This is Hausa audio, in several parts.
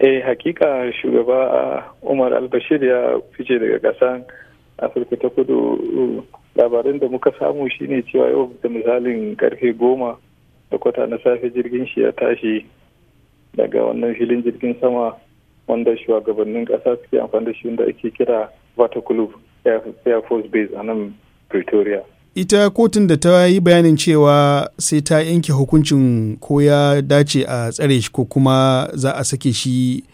eh hakika shugaba umar ah, albashir ya fice daga kasan afirka ta kudu labarin da muka samu shine cewa yau da misalin karfe goma da kwata na safe jirgin shi ya tashi daga wannan filin jirgin sama wanda shugabannin kasa suke amfani da shi wanda ake kira vata club air force base a nan pretoria ita kotun da ta yi bayanin cewa sai ta yanke hukuncin ko ya dace a tsare shi ko kuma za a sake shi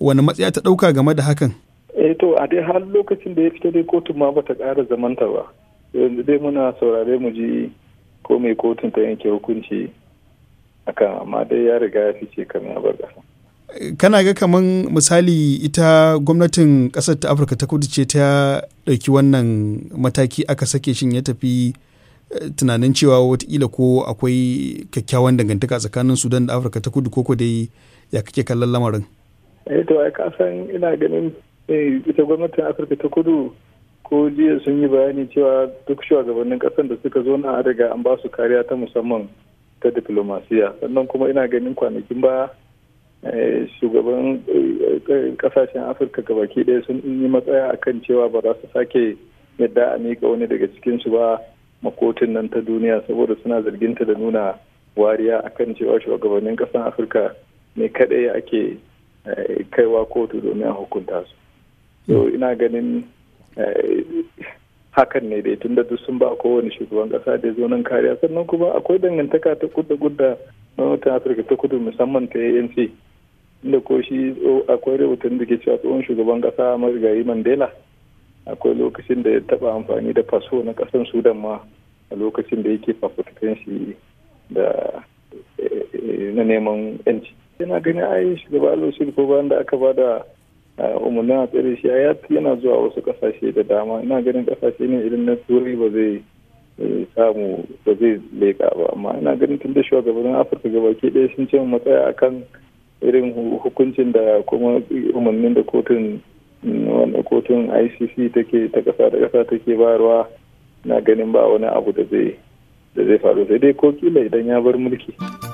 wani matsaya ta ɗauka game da hakan eh to a dai har lokacin da ya fita dai kotun ma bata kara zamanta ba yanzu dai muna saurare mu ji ko mai kotun ta yanke hukunci akan amma dai ya riga ya fice kamar ya bar kana ga kaman misali ita gwamnatin ƙasar ta afirka ta kudu ce ta ɗauki wannan mataki aka sake shin ya tafi eh, tunanin cewa watakila ko akwai kyakkyawan dangantaka tsakanin sudan da afirka ta kudu koko dai ya kake kallon lamarin eh, to kasan ina ganin eh, ita gwamnatin afirka ta kudu ko jiya sun yi bayani cewa duk shugabannin kasan da suka zo na daga an ba su kariya ta musamman ta diplomasiya sannan kuma ina ganin kwanakin ba Eh, shugaban eh, kasashen afirka gabaki ɗaya sun yi matsaya akan cewa ba za su sake yadda a miƙa wani daga cikinsu ba makotin nan ta duniya saboda suna zargin ta da nuna wariya akan cewa shugabannin kasan afirka ne kaɗai ake eh, kaiwa kotu domin a hukunta su so ina ganin hakan ne dai tunda duk sun ba kowane shugaban kasa da zo nan kariya sannan kuma akwai dangantaka ta kudda kudda na watan afirka ta kudu musamman ta anc da ko shi akwai rahoton da ke cewa tsohon shugaban kasa marigayi mandela akwai lokacin da ya taba amfani da faso na kasan sudan ma a lokacin da yake fafutukan shi da eh, eh, na neman yanci yana gani a shugaba aloshir ko bayan da aka bada eh, umarnin a tsere shi yana zuwa wasu kasashe da dama ina ganin kasashe ne irin na turai ba zai samu ba zai leka ba amma ina ganin tun da shugabannin afirka gabaki ɗaya sun ce matsaya akan irin hukuncin da kuma umarnin da kotun wanda kotun icc take ta kasa da kasa take bayarwa na ganin ba wani abu da zai faru sai dai ko kila idan ya bar mulki.